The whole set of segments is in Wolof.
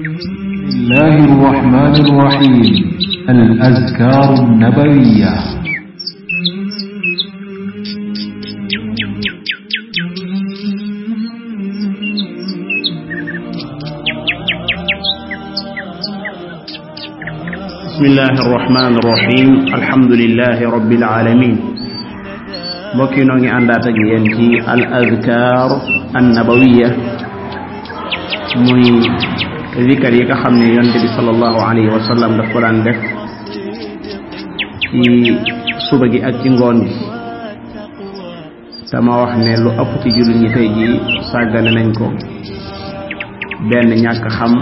الله الرحمن الرحيم الأذكار النبوية بسم الله الرحمن الرحيم الحمد لله رب العالمين mbokki noo ngi àndaat ak yéen ci al azkar an nabawiya muy zikar yi nga xam ne yonte bi sallallahu alayhi wa daf ko daan def ci suba gi ak ci ngoon gi dama wax ne lu ëpp ci jullit ñi tey jii sàggane nañ ko benn ñàkk xam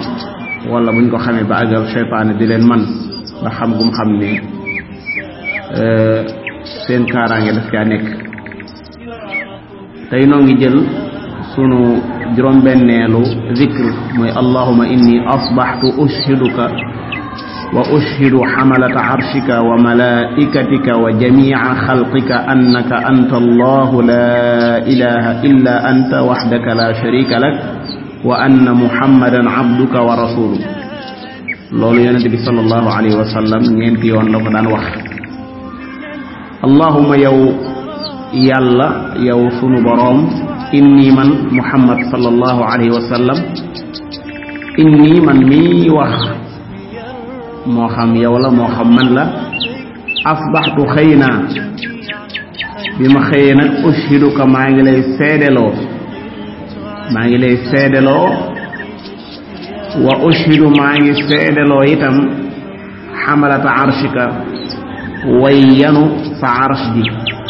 wala buñ ko xamee ba àggal seytaane di leen man ba xam gum xam ne euh, seen kaaraange daf caa nekk tey noo ngi jël sunu juróom-benneelu zikr mooy allahuma inni asbaxtu ushiduka wa ushidu xamalata arshika wa malaa'ikatika wa jamiica xalqika annaka anta allahu laa ilaha illa anta waxdaka laa sharika lak wa anna muhammadan abduka wa rasuluh loolu yonent bi sallallahu alayhi wa sallam ñeenti yoon la ko daan wax allahuma yow yàlla yow sunu boroom inni man muhammad sallallahu alayhi wa sallam inni man mii wax moo xam yow la moo xam man la asbaxtu xëy naa bi ma xëyee nag ushiduka maa ngi lay seedeloo maa ngi lay seedeloo wa ushidu maa ngi seedeloo itam xamalata arshika way yanu sa arsh ji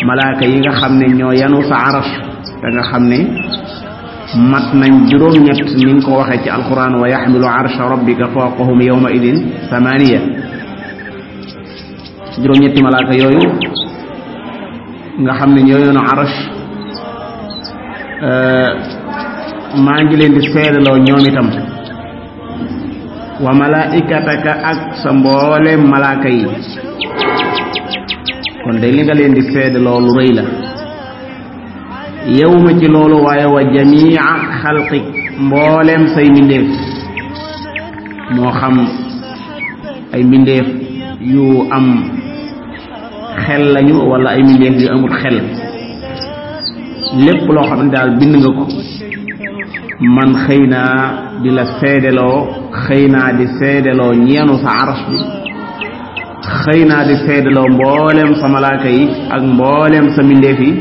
malaaka yi nga xam ne ñoo yanu sa arsh da xam ni mat nañ juróom-ñett ni ko waxee ci alquran wa yaxmilu arsha rabbika fawqahum yawma idin samaniya juróom-ñetti malaaka yooyu nga xam ne ñoo yoonu arsh euh, maa ngi leen di seedaloo ñoom itam wa malaikataka ak sa mbooleem malaaka yi kon day li nga leen di seedaloo lu rëy la yow ma ci loolu waaye wa jamia xalqik mbooleem say mbindeef moo xam ay mbindeef yu am xel lañu wala ay mbindeef yu amul xel lépp loo xam daal bind nga ko man xëy naa di la seedeloo xëy naa di seedeloo ñeenu sa aras bi xëy naa di seedeloo mbooleem sa malaaka yi ak mboolem sa mbindeef yi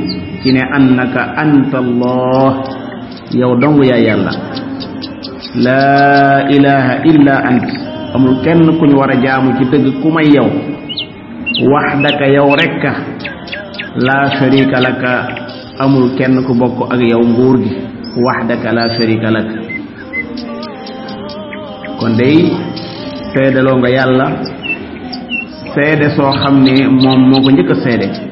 ci ne annaka anta allah yow yaa yàlla laa ilaha illa ant amul kenn kuñ war a jaamu ci dëgg ku may yow waxdaka yow rekka laa sharika laka amul kenn ku bokk ak yow mbuur gi waxdaka laa sharika laka kon day seedaloo nga yàlla seede soo xam ne moom moo ko njëkk a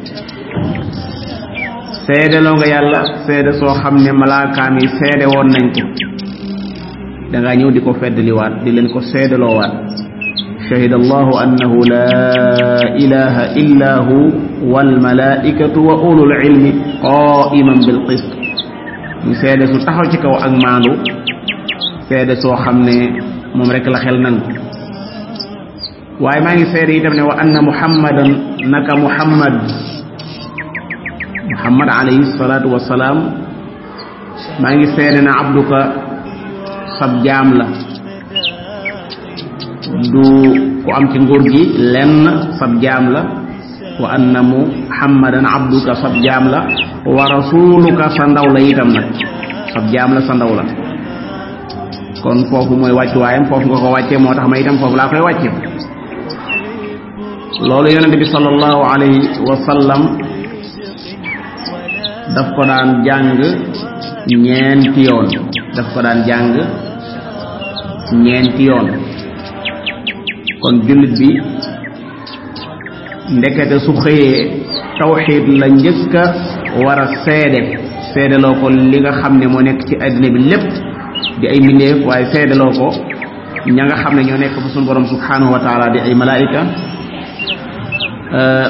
seedaloo nga yàlla seede soo xam ne malaakaam seede woon nañ ko da ñëw di ko feddaliwaat di leen ko seedaloowaat shahida allahu annahu laa seede su taxaw ci kaw ak maandu seede soo xam ne moom rek la xel nangu waaye maa ngi seede itam ne wa anna muhammadan naka muhammad muhammad alayhi salaatu salaam maa ngi seede na abduka sab jaam la du ku am ci nguur gi lenn sab jaam la wa anna muhammadan abduka sab jaam la wa rasuluka sa ndaw la itam nag sab jaam la sa ndaw la kon foofu mooy wàccuwaayam foofu nga ko wàccee moo tax ma itam foofu laa koy wàcce loolu yonente bi sallallahu alayhi wa sallam daf ko daan jàng ñeenti yoon daf ko daan jàng ñeenti yoon kon jullit bi ndekete su xëyee tawxiid la njëkka war a seede seedeloo ko li nga xam ne moo nekk ci àddina bi lépp di ay mbindeef waaye seedeloo ko ña nga xam ne ñoo nekk fa suñu borom subhanahu di ay malaayika euh,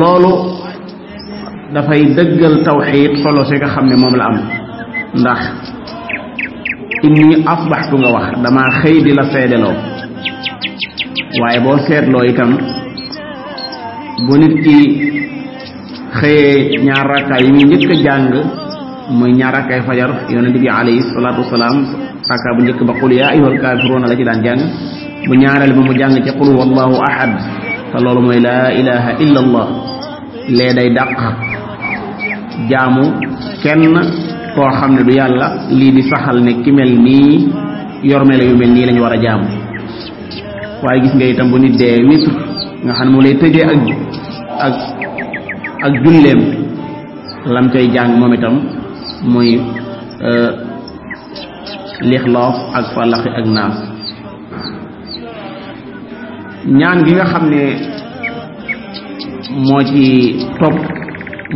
loolu dafay dëggal tawxiid solo si nga xam ne moom la am ndax inni asbaxtu nga wax damaa xëy di la seedeloo waaye boo seetloo itam bu nit ki xëyee ñaar rakkaay yi muy njëkk a jàng muy ñaar rakkaay fajar yonent bi alayhi salaatu wasalaam rakkaa bu njëkk ba qul yaa ayyuhal kaafiruuna la ci daan jàng bu ñaareel ba mu jàng ci qul wallahu ahad te loolu mooy laa ilaha illa allah lee day dàq jaamu kenn koo xam ne du yàlla lii di saxal ne ki mel nii yor melo yu mel nii lañu war a jaamu waaye gis nga itam bu nit dee witr ne moo lay ak ak ak lam cay jàng moom itam muy euh, lixloof ak falaxi ak naas ñaan gi nga xam ne moo ci topp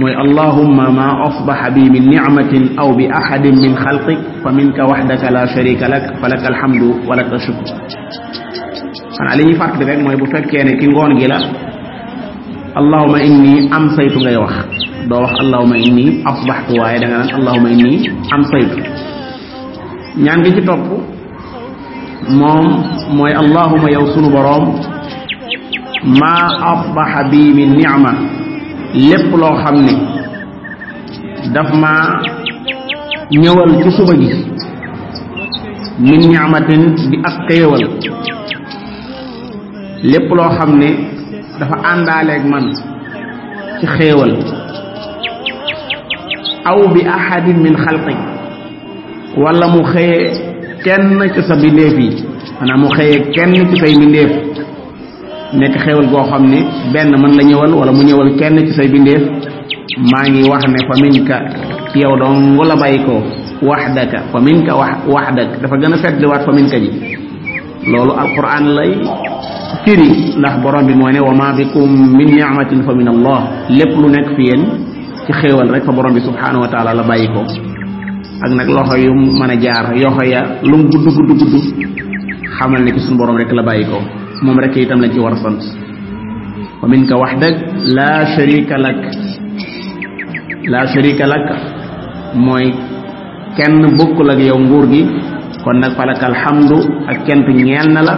mooy allahumma maa asbaxa bi min nicmatin aw bi ahadin min xalqik fa minka waxdaka la sharika lak fa laka alhamdu wa laka shukr xanaa li ñuy fàttali rek mooy bu fekkee ne ci ngoon gi la allahumma inni am saytu ngay wax doo wax allahumma inni asbaxtu waaye da nga naan allahumma inni am gi ci topp moom mooy allahumma yow sunu boroom maa bi min nicma lépp loo xam ne daf ma ñëwal ci suba gi min ñaamatin di ak xéewal lépp loo xam ne dafa àndaaleeg man ci xéewal aw bi ahadin min xalqi wala mu xëyee kenn ci sa bindeef yi maanaam mu xëyee kenn ci say bindeef nekk xéewal goo xam ne benn man la ñëwal wala mu ñëwal kenn ci say bindeef maa ngi wax ne fa minka ci yow dong la bàyyi ko waxdaka fa minka wax waxdak dafa gën a fetliwaat fa minka ji loolu alquran lay firi ndax borom bi moo ne wa ma bikum min ni'matin fa min allah lépp lu nekk fi yéen ci xéewal rek fa borom bi subhanahu wa la bàyyi ak nag loxo yu mën a jaar yoxo ya lu mu gudd gudd gudd xamal ne ci suñu borom rek la bàyyi moom rek itam lañ ci war a sant wa minka wahdak laa sharika lak laa sharika lak mooy kenn bokkul ak yow nguur gi kon nag falaka alhamdu ak cant ñeel na la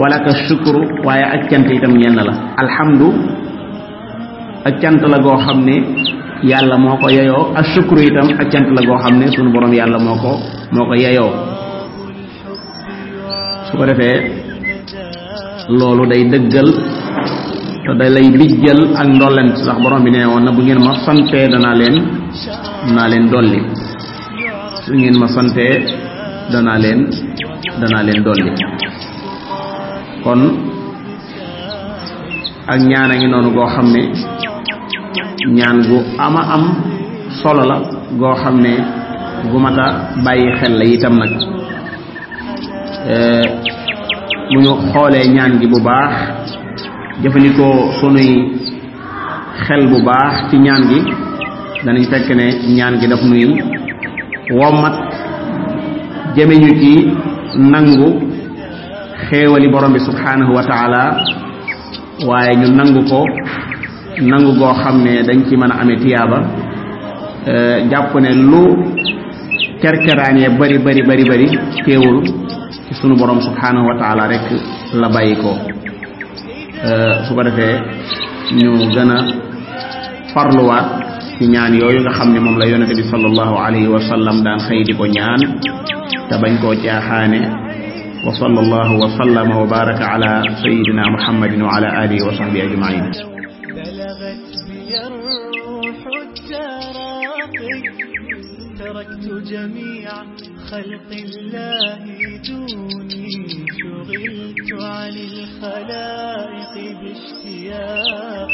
walaka shukru waaye ak cant itam ñeel na la alhamdu ak cant la goo xam ne yàlla moo ko yayoo ak shukru itam ak cant la goo xam ne sunu boroom yàlla moo ko moo ko yayoo su ko defee loolu day dëggal te da lay bijjal ak ndollent sax borom bi nee woon na bu ngeen ma santee danaa leen danaa leen dolli su ngeen ma santee danaa leen danaa leen dolli kon ak ñaan a ngi noonu goo xam ne ñaan gu ama am solo la goo xam ne gu mat a bàyyi xel la itam nag eh, bu ñu xoolee ñaan gi bu baax jëfandikoo sunuy xel bu baax ci ñaan gi danañ fekk ne ñaan gi daf nuyu womat jëme ñu ci nangu xéewali borom bi subhanahu wa waaye ñu nangu ko nangu goo xam ne dañ ci mën a ame tiyaaba euh, jàpp ne lu kerkeraanee bari bari bari bari teewul ci sunu borom subhanahu wa taala rek la bàyyi ko euh, su ko defee ñu gën a farluwaat ci ñaan yooyu nga xam ne moom la yonente bi sallallahu alayhi wa sallam daan xëy di ko ñaan te bañ koo caaxaane wa sallallahu wa sallama wa baraka ala sayidina muhammadin wa ala alihi wa sahbi ajmain تركت جميع بخلق الله دوني شغلت عن الخلائق باشتياق